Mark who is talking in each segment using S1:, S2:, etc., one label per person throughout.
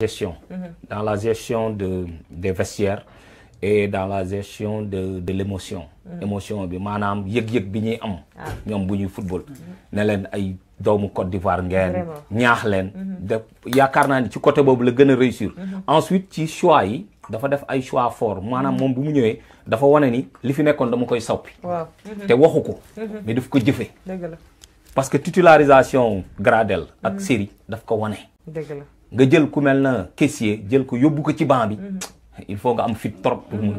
S1: Mhm. dans la gestion des vestiaires et dans la gestion de, l'émotion. Mhm. émotion bi am. Ah. football. Mhm. ne ay Côte d'Ivoire ngeen. ñaax ci côté ensuite ci choix dafa choix fort Manam bu mu ni li fi dama koy te mais daf ko parce que titularisation Gradel. ak série nga jël ku mel caissier ko ko mhm. il faut nga am fit trop pour mun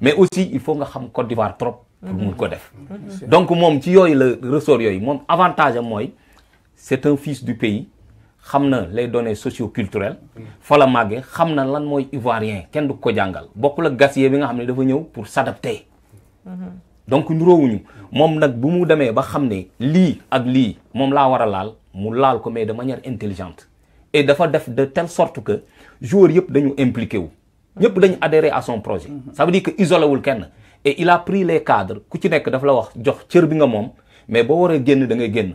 S1: mais aussi il faut nga xam Côte d'Ivoire trop pour mun ko mhm. donc moom ressort avantage c'est un fils du pays xam les données socio-culturelles fa la màggee xam na lan mooy ivoirien du ko jàngal la gasier bi nga pour s'adapter mhm. donc nous, moom nag ba xam ne ak lii moom a de manière intelligente et dafa def de telle sorte que joueurs yep dañu impliqué wu ñëpp dañu adhérer à son projet mhm. ça veut dire que isolé wul et il a pris les cadres ku ci nek dafa la wax jox cieur bi nga mom mais bo waree génn da ngay génn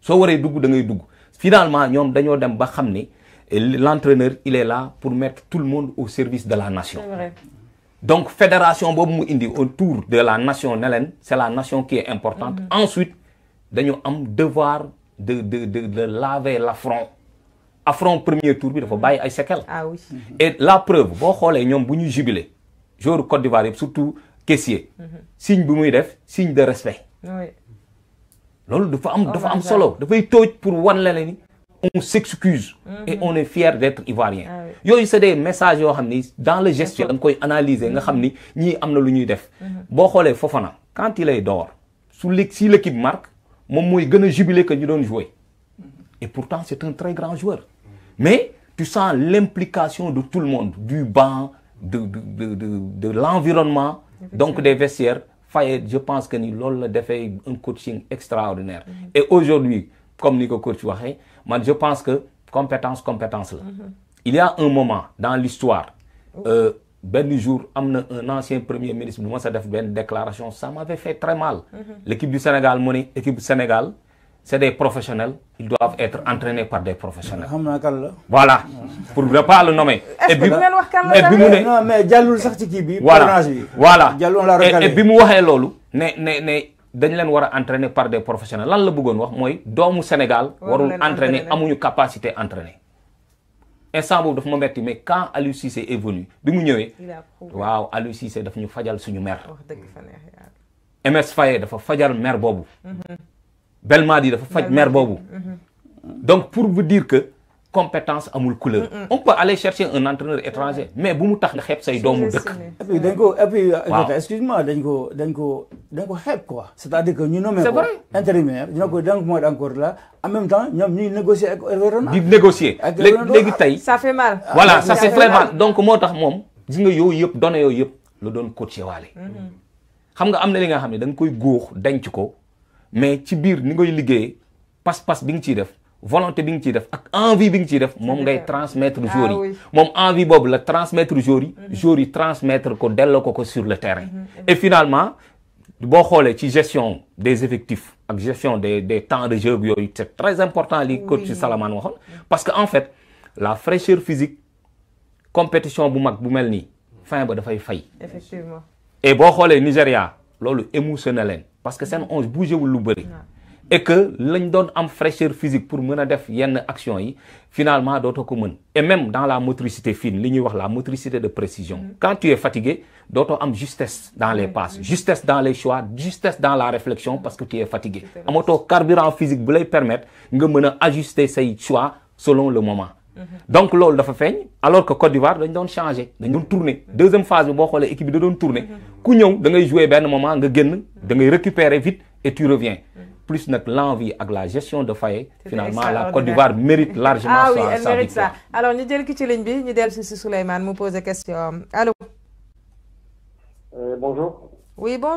S1: so waree dugg da ngay dugg finalement ñom dañu dem ba xamni euh, l'entraîneur il est là pour mettre tout le monde au service de la nation donc fédération bobu mu indi autour de la nation Nélène, c'est la nation qui est importante mhm. ensuite dañu am devoir de de de de laver l'affront affront premier tour bi dafa mm-hmm. baye ay séquelles. ah oui mm-hmm. et la preuve bo xolé ñom buñu ñu jubilé joueur Côte d'Ivoire surtout caissier. Mm-hmm. signe bi muy def signe de respect. Nous dafa am dafa am solo fay toj pour wan la on s'excuse et on est fier d'être ivoirien ah yoy c'est des messages yo dans le gestes, da koy analyser nga xamni ni amna luñuy def bo Fofana quand il est dehors si l'équipe marque moom mooy jubilé que nous devons jouer et pourtant c'est un très grand joueur mais tu sens l'implication de tout le monde, du banc, de, l'environnement, donc des vestiaires. je pense que nous a fait un coaching extraordinaire. Et aujourd'hui, comme Nico Coach je pense que compétence, compétence. Mhm. Il y a un moment dans l'histoire, oh. euh, jour, un ancien premier ministre, moi, ça une déclaration, ça m'avait fait très mal. Mhm. L'équipe du Sénégal, mon équipe du Sénégal, c'est des professionnels, ils doivent être entraînés par des professionnels. Voilà, pour ne pas le nommer. Et puis, non, mais Diallo sax ci kii bi. voilà voilà et bi mu waxee loolu. ne ne ne dañ leen war a entraîner par des professionnels lan la bëggoon wax mooy doomu Sénégal. warul entraîner amuñu capacité entraîner. instant boobu dafa ma metti mais quand Aliou Cissé est venu bi mu ñëwee. waaw Aliou Cissé daf ñu fajal suñu mer. MS Faye dafa fajal mer boobu. Mhm. Belmadi dafa faut mer boobu mhm. donc pour vous dire que compétence amul couleur on peut aller chercher un entraîneur étranger mais bu mu tax nga xeeb say doomu et puis dañ ko et puis euh, excuse-moi dingo ko dingo ko quoi c'est-à-dire que ñu nommé ko intérimaire ñu ne ko donc encore là en même temps nous ñuy négocier avec Ronaldo négocier ça fait mal voilà ça c'est très mal donc moi tax moom gis nga donne yo données le donne la doon coaché waale mm-hmm. xam nga am na li nga xam koy denc ko mais ci biir ni ngoy liggéeyee pas-pas bi nga ciy def volonté bi nga ciy def ak envie bi nga ciy def moom ngay transmettre ah joueurs yi moom envie boobu la transmettre jour yi mhm. jour yi transmettre ko delloo ko ko sur le terrain mhm, mhm. et finalement boo xoolee ci gestion des effectifs ak gestion des des temps de jeu bi c'est très important li coach salaman waxoon parce que en fait la fraîcheur physique compétition bu mag bu mel nii fin ba dafay fay effectivement et boo xoolee nigeria loolu émoussé leen parce que ça onze bougé wul lu et que lañ donne am fraîcheur physique pour mën faire def yenn action yi finalement doto ko mën et même dans la motricité fine liñuy la motricité de précision mm-hmm. quand tu es fatigué doto am justesse dans les passes justesse dans les choix justesse dans la réflexion parce que tu es fatigué amoto carburant physique bu lay permettre nga ses ajuster say choix selon le moment mm-hmm. donc loolu dafa feeñ alors que Côte d'Ivoire dañ doon changé dañ doon tourner deuxième phase bi boo équipe bi da doon tourner mm-hmm. ku da ngay jouer moment nga génn de me récupérer vite et tu reviens. plus notre l'envie avec la gestion de faillite, finalement la Côte d'Ivoire mérite largement. sa ah oui elle mérite ça alors Nidel Kitilinbi, ki ci ligne bi pose dellu question allo. Euh, bonjour. oui bonjour.